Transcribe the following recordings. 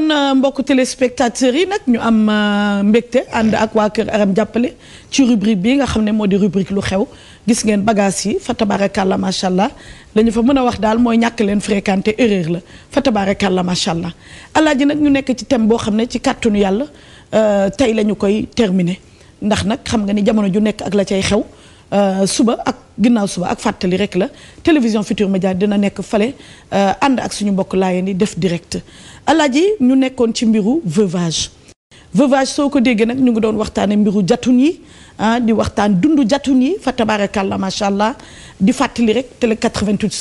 kon euh, mbokk téléspectateurs yi nag ñu am euh, mbégte ànd ak waa kër Aram jàppale ci rubrique bi nga xam ne moo di rubrique lu xew gis ngeen bagage yi fa tabaarakàlla macha allah la fa mën a wax daal mooy ñàkk leen fréquenté erreur la fa tabaarakàlla macha allah alaaji nag ñu nekk ci thème boo xam ne ci kàttanu yàlla euh, tey la ñu koy terminé ndax nag xam nga ni jamono ju nekk ak la cay xew. Euh, suba ak ginnaaw suba ak fàttali rek la télévision Futur Média dina nekk fale euh, ànd ak suñu mbokk laayeen yi def direct alaaji ñu nekkoon ci mbiru veuvage veuvage soo ko déggee nag ñu ngi doon waxtaane mbiru jatun yi ah di waxtaan dundu jatun yi fa tabarakallah macha allah di fàttali rek télé 88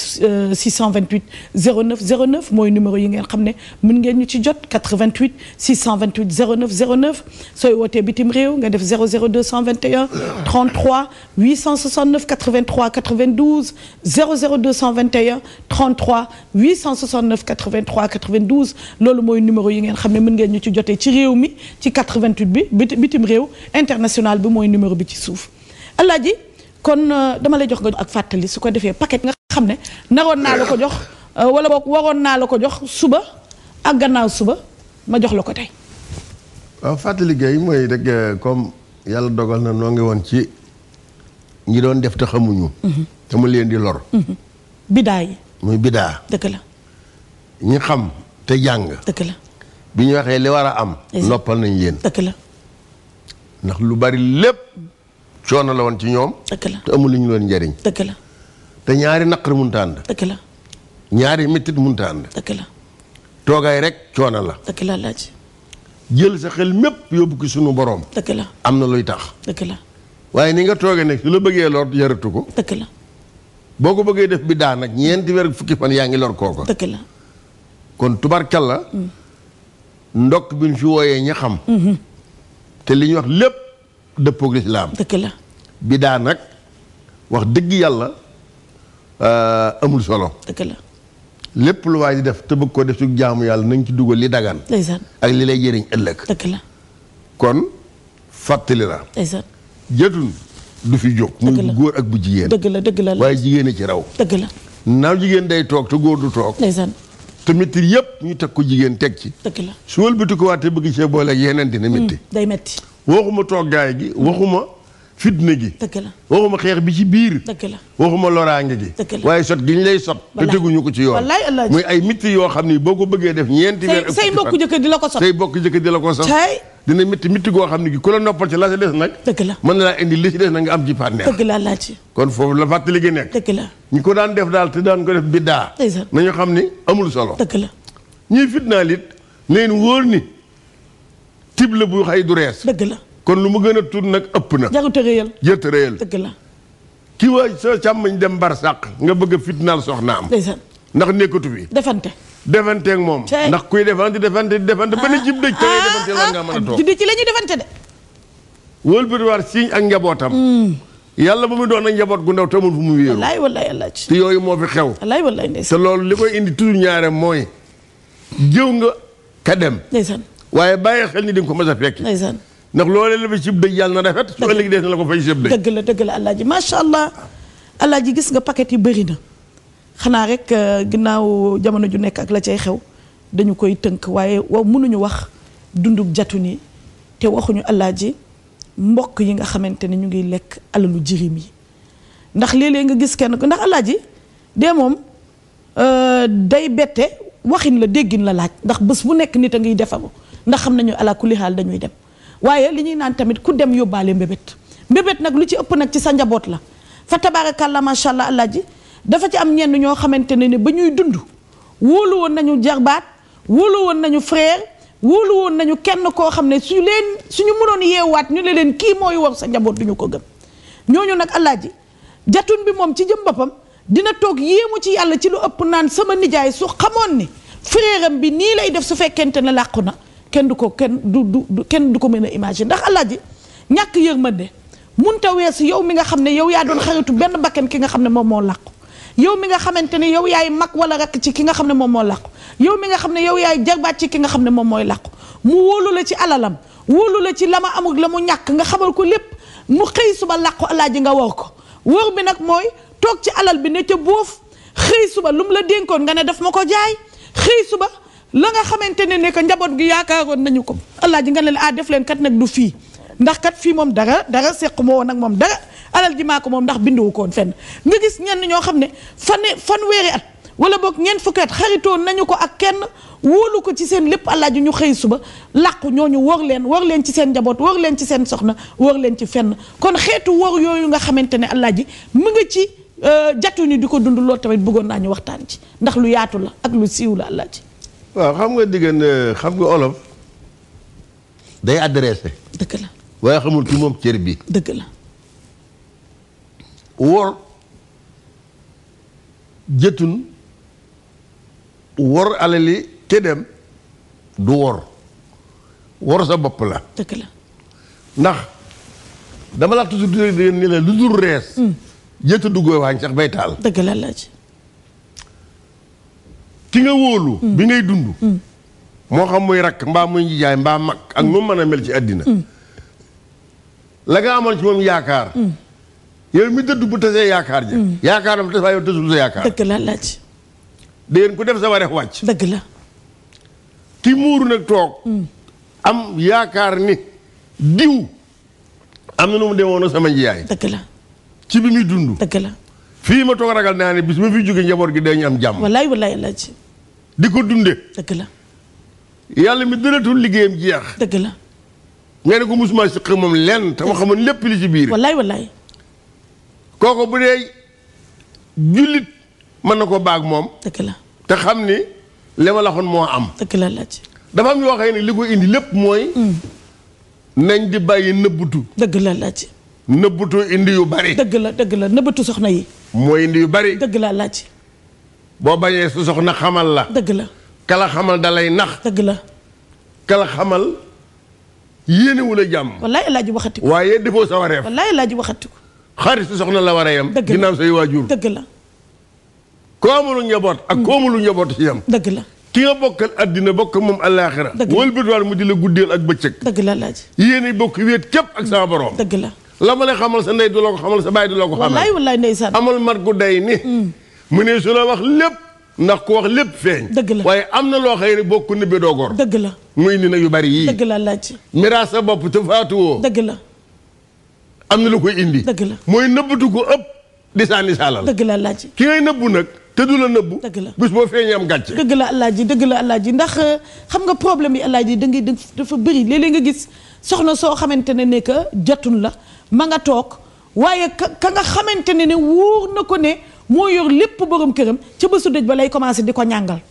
628 09 09 mooy numéro yi ngeen xam ne mun ngeen ñu ci jot 88 628 09 09 sooy wootee bitim réew nga def 00 221 33 869 83 92 00 221 33 869 83 92 loolu mooy numéro yi ngeen xam ne mën ngeen ñu ci jotee ci réew mi ci 88 bi bitim réew international bi mooy numéro numéro bi ci suuf Alaaji kon euh, dama lay jox nga ak fàttali su ko defee paket nga xam ne naroon naa la ko jox euh, wala boog waroon naa la ko jox suba ak gannaaw suba ma jox la ko tey. waaw fàttali gay mooy rek euh, comme yàlla dogal na noo ngi woon ci ngi doon def te xamuñu. Mhm. te mu leen di lor. Mhm. bidaa yi. muy bidaa. dëgg la. ñi xam te jàng. dëgg la. bi ñu waxee li war a am. noppal nañ leen. ndax lu bari lépp coono la woon ci ñoom. dëgg te amul lu ñu doon njariñ. dëgg te ñaari naqar mënut a ànd. ñaari mettit mënut a toogaay rek coono la. dëgg la laaj. jël sa xel mépp yóbbu ko sunu boroom. dëgg am na luy tax. dëgg waaye ni nga toogee nag su la bëggee lor yaratu ko. dëgg boo ko bëggee def bi daa nag ñeenti weer fukki fan yaa ngi lor koo ko la kon la mm. ndokk bi ñu fi wooyee ña xam. Mm-hmm. te li ñuy wax lépp dëppoog lislaam dëgg la bidaa nag wax dëgg yàlla euh, amul solo. dëgg lépp lu waay di def te bëgg koo def su jaamu yàlla nañ ci dugal li dagan. ak li lay jëriñ ëllëg. dëgg kon fàttali la. jëtun du fi jóg. muy góor ak bu jigéen. dëgg la dëgg la waaye jigéen ci raw. dëgg naaw jigéen day toog te góor du toog. te méttiir yëpp ñu teg ko jigéen teg ci. dëgg la su wëlbati ko waatee bëgg cee boole ak yeneen dina métti. Hmm, day métti. waxuma toggaay gi hmm. waxuma fitna gi. dëgg la waxuma xeex bi ci biir. dëgg la waxuma loraange gi. waaye sot gi ñu lay sot. te teguñu ko ci yoon. muy ay métti yoo xam ni boo ko bëggee def ñeenti weer. say say mbokku la ko sot say mbokku jëkkër di la ko sot. dina métti métti goo xam ne gi ku la noppal ci la si des nag. dëgg la na laa indi li si des nag nga am ci partenaire. dëgg la laaj. kon foofu la fàttali gi nekk. dëgg ko daan def daal te daan ko def biddaa. nañu xam ni amul solo. dëgg la ñuy fitnaal it leen wóor ni tib la bu xay du rees. dëgg la kon lu mu gën a tuut nag ëpp na. jarut a réyal jarut a réyal. dëgg la ki waa sa càmmañ dem bar sàq nga bëgg a fitnaal soxnaam. ndax nekkatu fi defante. defanteeg moom. ndax kuy defante defante defante ba ne jib dëj. te ngay defante lan nga mën ah, ah, di ci la de. ak njabootam. Hmm. yàlla ba mu doon ak njaboot gu ndaw te amul fu mu wéeru. wallaay wallaay yooyu moo fi xew. wallaay wallaay ndeysaan te li koy indi toujours ñaare mooy. jëw nga ka dem. ndeysaan waaye bàyyi xel ni di ko mës a fekki. ndeysaan ndax loolee la ba cib dëj yàlla na rafet. su ëllëg des na la ko fay cib dëj. dëgg la dëgg la alaaji macha allah alaaji gis nga paquet yi bëri na xanaa rek euh, ginnaaw jamono ju nekk ak la cay xew dañu koy tënk waaye waaw mënuñu wax dundug jatu nii te waxuñu alaaji mbokk yi nga xamante ni ñu ngi lekk alalu jirim yi ndax léeg-léeg nga gis kenn ndax alaaji dee moom euh, day bette waxin la déggin la laaj ndax bés bu nekk nit a ngiy defaru ndax xam nañu ala kulli xaal dañuy dem waaye li ñuy naan tamit ku dem yóbbaale mbébét mbébét nag lu ci ëpp nag ci sa njaboot la fa tabaarakàlla macha allah alaaji dafa ci am ñenn ñoo xamante ne ne ba ñuy dund wóolu woon nañu jarbaat wóolu woon nañu frère wóolu woon nañu kenn koo xam ne su leen suñu mënoon yeewaat ñu ne leen kii mooy war sa njaboot duñu ko gëm ñooñu nag ji jatun bi moom ci jëm boppam dina toog yéemu ci yàlla ci lu ëpp naan sama nijaay su xamoon ni frère bi nii lay def su fekkente ne làqu na kenn du ko kenn du du kenn du ko mën a imaginer ndax alaaji ñàkk yërmande mënta weesu yow mi nga xam ne yow yaa doon benn bakkan ki nga xam ne moom moo làqu yow mi nga xamante ne yow yaay mag wala rakk ci ki nga xam ne moom moo làqu yow mi nga xam ne yow yaay jarbaat ci ki nga xam ne moom mooy làqu mu wóolu la ci alalam wóolu la ci la ma amul la mu ñàkk nga xamal ko lépp mu xëy suba làqu alaaji nga war ko wër bi nag mooy toog ci alal bi ne ca boof xëy suba lu mu la dénkoon nga ne daf ma ko jaay xëy suba la nga xamante ne ne njaboot gi yaakaaroon nañu ko alaaji nga ne ah def leen kat nag du fii ndax kat fii moom dara dara seq ma woon ak moom dara alal ji maa ko moom ndax binduwu koon fenn nga gis ñenn ñoo xam ne fane fanweeri at wala boog ñeent fukki at xaritoo nañu ko ak kenn wóolu ko ci seen lépp àllaaju ñu xëy suba làqu ñu wor leen wor leen ci seen njaboot wor leen ci seen soxna wor leen ci fenn kon xeetu wor yooyu nga xamante ne àllaaji mu nga ci euh, jatu ñu di ko dund loolu tamit bëggoon naa ñu waxtaan ci ndax lu yaatu la ak lu siiw la àllaaji waaw xam nga diggante xam nga olof day adressé waaye xamul ki moom cër bi dëgg la wor jëtun wor alali kedem du wor wor sa bopp la dëgg ndax dama laa toujours di leen ni la lu dul rees hmm. jëtu duggooy waañ sax bay taal dëgg ki nga wóolu hmm. bi ngay dund hmm. moo xam muy rakk mbaa muy njijaay mbaa mag ak nu mën a mel ci àddina la nga amoon ci moom yaakaar yow mi dëdd bu tasee yaakaar ja mm. yaakaaram tas waaye yow tasul sa yaakaar dëgg la laaj déen ku def sa wareef wàcc dëgg ti ki muuru nag toog mm. am yaakaar ni diw am na nu mu demoon ak sama njiyaay dëgg la ci bi muy dund dëgg la fii ma toog ragal naa ne bis ma fi jóge njaboot gi dañu am jàmm wallaay wallaay laaj di ko dunde dëgg la yàlla mi dëratul liggéeyam jeex dëgg la nga ne ko musuma si moom len te ma xamoon lépp li ci biir wallaay wallaay kooku bu dee jullit mën na ko baag moom. dëgg la te xam ni li ma la moo am. dëgg la laaj. dafa am yoo xam ne li ko indi lépp mooy. Mm. nañ di bàyyi nëbbutu. dëgg la laaj. nëbbutu indi yu bari. dëgg la la nëbbutu soxna yi. mooy indi yu bari. dëgg la laaj. boo bañee su soxna xamal la. dëgg la kala xamal da lay nax. dëgg la kalaxamal xamal yéene wu la jàmm. wallaay laaj waxati ko waaye defoo sa wareef. wallaay laaj waxati ko. xarit soxna la war a yem. dëgg la ginnaaw waajur. dëgg la. koo amul njaboot ak koo amul njaboot ci yem. dëgg la. ki nga bokkal addina bokk moom àllaaxira. dëgg la wëlbatiwaat mu di la guddeel ak bëccëg. dëgg la laaj. yéen képp ak sama borom. la la ma xamal sa ndey du la ko xamal sa baay du la ko. xamal wallaay wallaay ndeysaan amal mat gu ni mm. mu ne su la wax lépp. ndax ku wax lépp feeñ. dëgg la waaye am na loo xëy ne bokk ni bi doo gor. dëgg la muy ni nag yu bari yii. dëgg la miraas sa bopp te faatuwoo. dëgg am na lu koy indi. dëgg la mooy nëbbatu ko ëpp di saani saalal. dëgg la laaj ki ngay nëbbu nag. te du la nëbbu dëgg la bés boo feeñee am gàcce. dëgg la alaaji dëgg la alaaji ndax euh, xam nga problème yi alaaji da ngay dafa bëri léeg-léeg nga gis soxna soo xamante ne ne que jotun la ma nga toog waaye ka nga xamante ne ne wóor na ko ne moo yor lépp borom këram ca bésu dëj ba lay commencé di ko ñàngal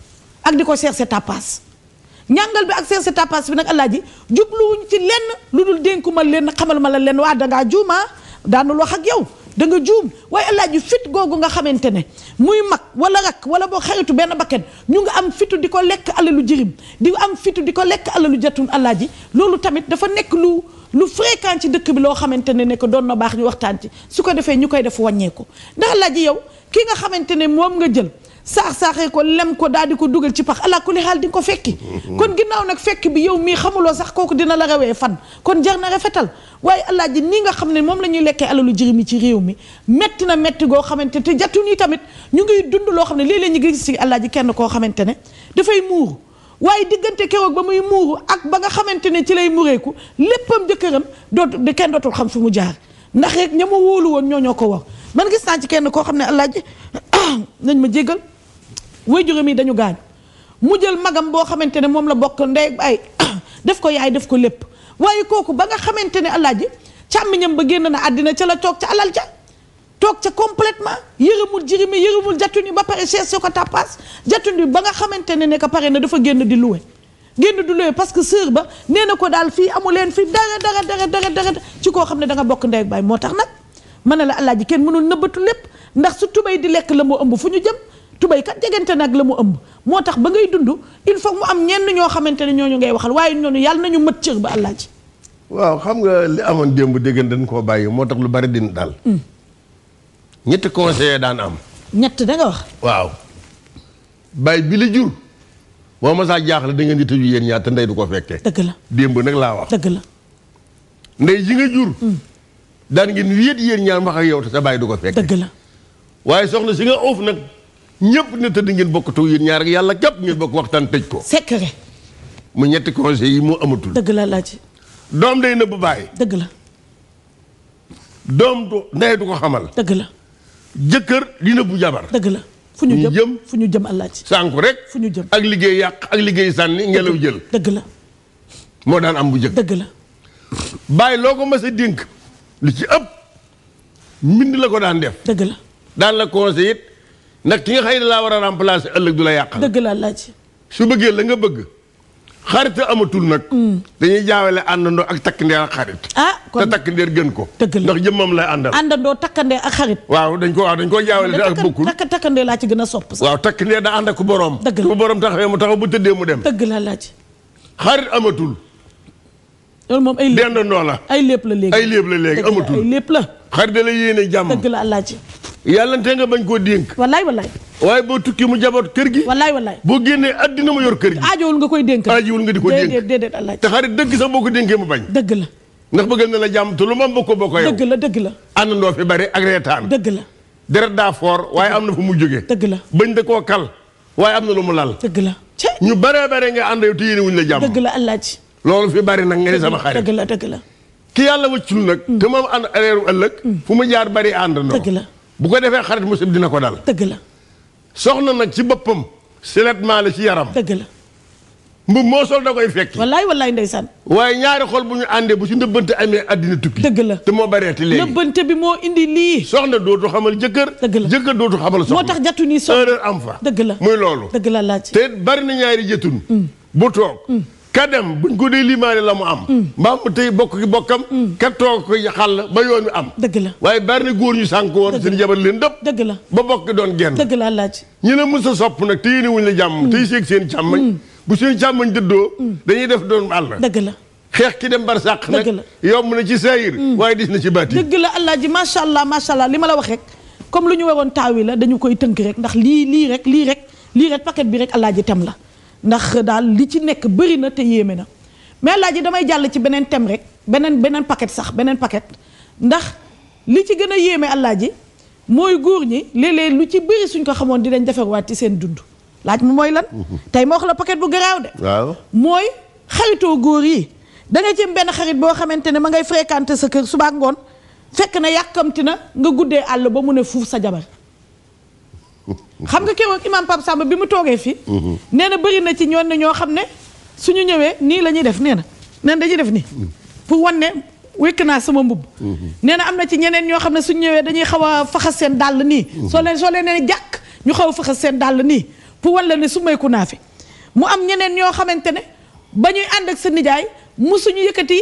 ak di ko chercher tapas ñàngal bi ak seen si tapas bi nag alaaji jubluwuñ ci lenn lu dul dénkuma lenn xamal ma la lenn waa dangaa juuma ah, daanul wax ak yow da nga juum waaye alaaji fit googu nga xamante ne muy mag wala rak wala boo xaritu benn bakken ñu nga am fitu di ko lekk alalu jirim di am fitu di ko lekk alalu jatun allaaji loolu tamit dafa nekk lu lu fréquent ci dëkk bi loo xamante ne ne ko doon na baax ñu waxtaan ci su ko defee ñu koy def wàññeeku ndax alaaji yow ki nga xamante ne moom nga jël saax-saaxee ko lem ko daal di ko dugal ci pax ala kulli xaal di ko fekki kon ginnaaw nag fekk bi yow mii xamuloo sax kooku dina la rawee fan kon jar na rafetal waaye alaaji nii nga xam ne moom la ñuy lekkee alalu jirim yi ci réew mi metti na metti goo xamante te jattu ñi tamit ñu ngi dund loo xam ne léeg-léeg ñu ngi gis ci alaaji kenn koo xamante ne dafay muuru waaye diggante keroog ba muy muuru ak ba nga xamante ne ci lay mureeku léppam jëkkëram dootu di kenn dootul xam fu mu jaar ndax ña ma wóolu woon ñoo ñoo ko war man gis naa kenn koo xam ne alaaji nañ ma jéggal way juróom yi dañu gaañ mu jël magam boo xamante ne moom la bokk ndey ay def ko yaay def ko lépp waaye kooku ba nga xamante ne alaaji càmmiñam ba génn na àddina ca la toog ca alal ca toog ca complètement yërëmul jirimi yërëmul jatun yi ba pare cherché ko tappaas jatun bi ba nga xamante ne ne ko pare na dafa génn di luwe génn di luwe parce que sœur ba nee na ko daal fii amu leen fii dara dara dara dara dara ci koo xam ne danga bokk ndey ak baay moo tax nag mën na la alaaji kenn mënul nëbbatu lépp ndax su tubay di lekk la moo ëmb fu ñu jëm tubay kat jegante nag la mu ëmb moo tax ba ngay dund il faut mu am ñenn ñoo xamante ne ñooñu ngay waxal waaye ñooñu yàlla nañu mët cër ba àllaaji waaw xam nga li amoon démb déggan dañ koo bàyyi moo tax lu bari din daal mm. ñetti conseiller daan am ñett da wax waaw bàyyi bi la jur boo ma jaaxle da ngeen di tëju yéen ñaar te ndey du ko fekkee dëgg la démb nag laa wax dëgg la ndey ji nga jur mm. daan ngeen yow te sa du ko fekkee dëgg la waaye soxna si nga uuf nag ñëpp ne tëdd ngeen bokkatu yéen ñaar ak yàlla képp ngeen bokk waxtaan tëj ko. secret. mu ñetti conseil yi moo amatul. dëgg la ci doom day nëbb bàyyi. dëgg la. doom du ndey du ko xamal. dëgg la. jëkkër di nëbbu jabar. dëgg la. fu ñu jëm fu ñu jëm ci sànku rek fu ñu jëm ak liggéey yàq ak liggéey sànni ngelaw jël dëgg la moo daan am bu jëkk dëgg la bàyyi loo ko mas a dénk li ci ëpp mbind la ko daan def dëgg la daan la conseillé it ndax ki nga xëy ne laa war a remplacer ëllëg du la yàqal. dëgg la laaj. su bëggee la nga bëgg xarit amatul nag. Mm. dañuy jaawale àndandoo ak takkandeer ak xarit. ah kon te gën ko. dëgg la ndax jëmmam lay àndal. àndandoo takkandeer ak xarit. waaw dañ ko wax dañ koo jaawale te ak bokkul takk takkandeer laa ci gën a sopp sax. waaw takkandeer da ànd ak boroom. dëgg la bu boroom taxawee mu taxaw bu tëddee mu dem. dëgg la laaj. xarit amatul. loolu moom ay lépp la. ay lépp la léegi ay lépp la léegi amatul ay lépp la. xarit da la yéene jàmm dëgg la laaj yàlla te nga bañ koo dénk. wallaay wallaay. waaye boo tukki mu jaboot kër gi. wallaay wallaay boo génnee addina mu yor kër gi. aajowul nga koy dénk. aajowul nga di ko dénk déedéet déedéet wallaay. dëgg sax boo ko dénkee mu bañ. dëgg la. ndax bëggal na jàmm te lu ma bokk bokk yow. dëgg la dëgg la. àndandoo fi bari ak reetaan. dëgg la. deret daa foor waaye am na fu mu jógee. dëgg la bañ da koo kal waaye am na lu mu lal. dëgg la ñu baree bare nga ànd yow te la jàmm. dëgg la alaaji. loolu fi bari nag nga ne sama xarit. dëgg la dëgg la. ki yàlla wëccul nag. te am ànd aleeru ëllëg. Mm. fu mu jaar bari a dëgg la. bu ko defee xarit musib dina ko dal. dëgg la. soxna nag ci boppam. siletment la ci yaram. dëgg la. mbubb moo sol da koy fekki. wallaay wallaay ndeysaan. waaye ñaari xol bu ñu àndee bu si ndëbbante amee àddina tukki. dëgg la te moo bareeti léegi. ndëbbante bi moo indi lii. soxna dootu xamal jëkkër. dëgg la jëkkër dootu xamal soxna. moo tax jattu nii soxna erreur am fa. dëgg la muy loolu. dëgg la laaj. te bari na ñaari jëtun. Mm. bu toog. Mm. ka dem buñ ko dee limaane la mu am mm. mbaam mu tey bokk ki bokkam mm. ka toog ko xàll ba yoon wi am dëgg la waaye bari na góor ñu sànk woon seen jabar leen dëpp dëgg la ba bokk doon génn dëgg la laaj ñu ne mës a sopp nag te yéene wuñ la jàmm mm. tey seeg seen càmmañ bu seen càmmañ dëddoo dañuy def doon àll dëgg la xeex ki dem bar sàq nag yomb na ci sayir waaye dis na ci baati dëgg la alaaji macha allah macha allah li ma la wax rek comme lu ñu waroon taawi la dañu koy tënk rek ndax lii lii rek lii lii rek paquet bi rek alaaji tem la ndax daal li ci nekk bëri na te yéeme na mais laaj damay jàll ci beneen thème rek beneen beneen paquet sax beneen paket ndax li ci gën a yéeme àllaaji mooy góor ñi léeg-léeg lu ci bëri suñ ko xamoon dinañ defarwaat ci seen dund laaj mu mooy lan mhm. tey ma wax la paquet bu garaaw de mooy xaritoo góor yi da nga ci benn xarit boo xamante ne ma ngay fréquenté sa kër suba ak ngoon fekk na yàkkamti na nga guddee àll ba mu ne fuuf sa jabar xam nga keroog imam Pape Samba bi mu toogee fii. nee na bëri na ci ñoon ñoo xam ne su ñu ñëwee nii la ñuy def nee na nan dañuy def nii. pour wan ne wekk naa sama mbubb nee na am na ci ñeneen ñoo xam ne suñu ñëwee dañuy xaw a faxas seen dàll nii. soo leen soo leen nee jàkk ñu xaw a faxas seen dàll nii pour wan la ne su mayku naa fi mu am ñeneen ñoo xamante ne ba ñuy ànd ak sa nijaay mu suñu yëkkati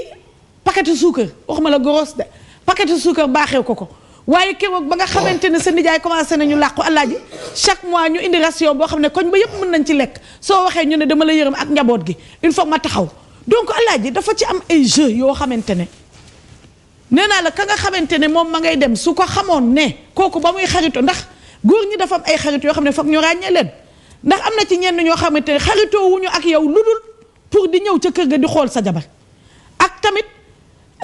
paquetu suukar waxuma la goros de paquetu suukar baaxee ko ko. waaye keroog ba nga xamante ne sa nijaay commencé nañu làqu alaaji chaque mois ñu indi ration boo xam ne koñ ba yëpp mën nañ ci lekk soo waxee ñu ne dama la yërëm ak njaboot gi il faut ma taxaw donc yi dafa ci am ay jeu yoo xamante ne nee naa la ka nga xamante ne moom ma ngay dem su ko xamoon ne kooku ba muy xarito ndax góor ñi dafa am ay xarit yoo xam ne foog ñu ràññee leen ndax am na ci ñenn ñoo xamante ne xaritoo wuñu ak yow lu dul pour di ñëw ca kër ga di xool sa jabar ak tamit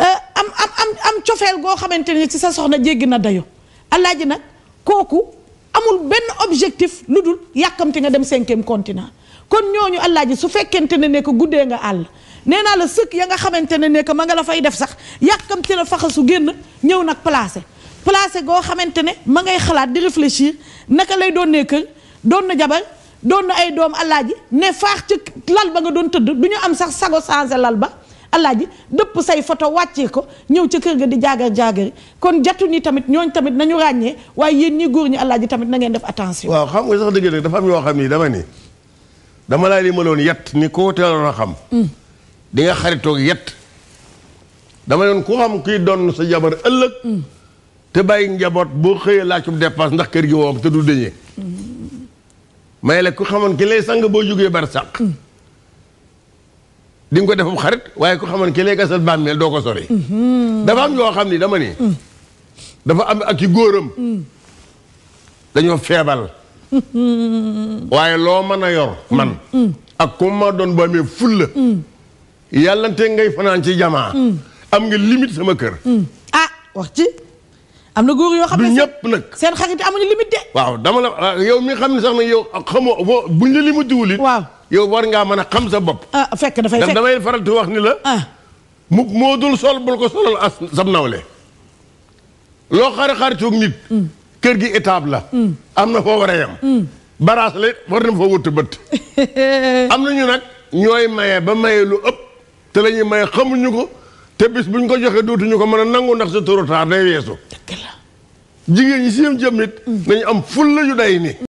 euh, am am am cofeel goo xamante ne ci sa soxna jéggi na dayo allaaji nag kooku amul benn objectif lu dul yàkkamti nga dem cinquième continent kon ñooñu alaaji su fekkente ne nekk guddee nga àll nee naa la sëkk ya nga xamante ne nekk ma nga la fay def sax yàkkamti la faxasu génn ñëw nag placé placé goo xamante ne ma ngay xalaat di réfléchir naka lay doon ne kër doon na jabar doon na ay doom alaaji ne faax ci lal ba nga doon tëdd du ñu am sax sago changé lal ba alaaji dëpp say photo wàccee ko ñëw ca kër ga di jaagar jaagari kon jatu ni tamit ñooñ tamit nañu ràññee waaye yéen ñi góor ñi alaaji tamit na ngeen def attention. waaw xam nga sax dëgg dëgg dafa am yoo xam ni dama ni dama laa li ma loon yett xam. Mm. di nga xaritoog dama doon ku xam kuy doon sa jabar ëllëg. Mm. te bàyyi njaboot boo xëyee laajum dépense ndax kër gi woom te du dëñee. Mm. may la ku xamoon ki lay sang boo jógee bar sàq. di ko defam xarit waaye ko xaman ki lay gasal bàmmeel doo ko sori. Mhm. dafa am ñoo xam ni dama ni. Mm. dafa am ak i góoram. Mm. dañoo feebal. Mm-hmm. waaye loo mën a yor mm. man. ak ku ma doon ba amee ful yàllante ngay fanaan ci jamaa. am ngi limite sama kër. ah wax ci. am na góor yoo xam ne ñëpp nag. seen xarit amuñu limite ah, yow mi xam ne sax na yow xamoo boo buñ la limite wulit waaw. yow war ngaa mën a xam sa bopp. ah fekk dafay fekk damay faral di wax ni la. ah mu moo dul sol bul ko solal as sam nawle loo xare xaritoog nit. Mm. kër gi étape la. Mm. am na foo war a yem. Mm. baraas la war na fa wut bët. am na nag ñooy maye ba maye lu ëpp te la maye xamuñu ko te bis buñ ko joxee dootuñu ko mën a nangu ndax c'est trop tard day weesu. jigéen ñi si yëm jëm nit. nañu am ful lañu day ni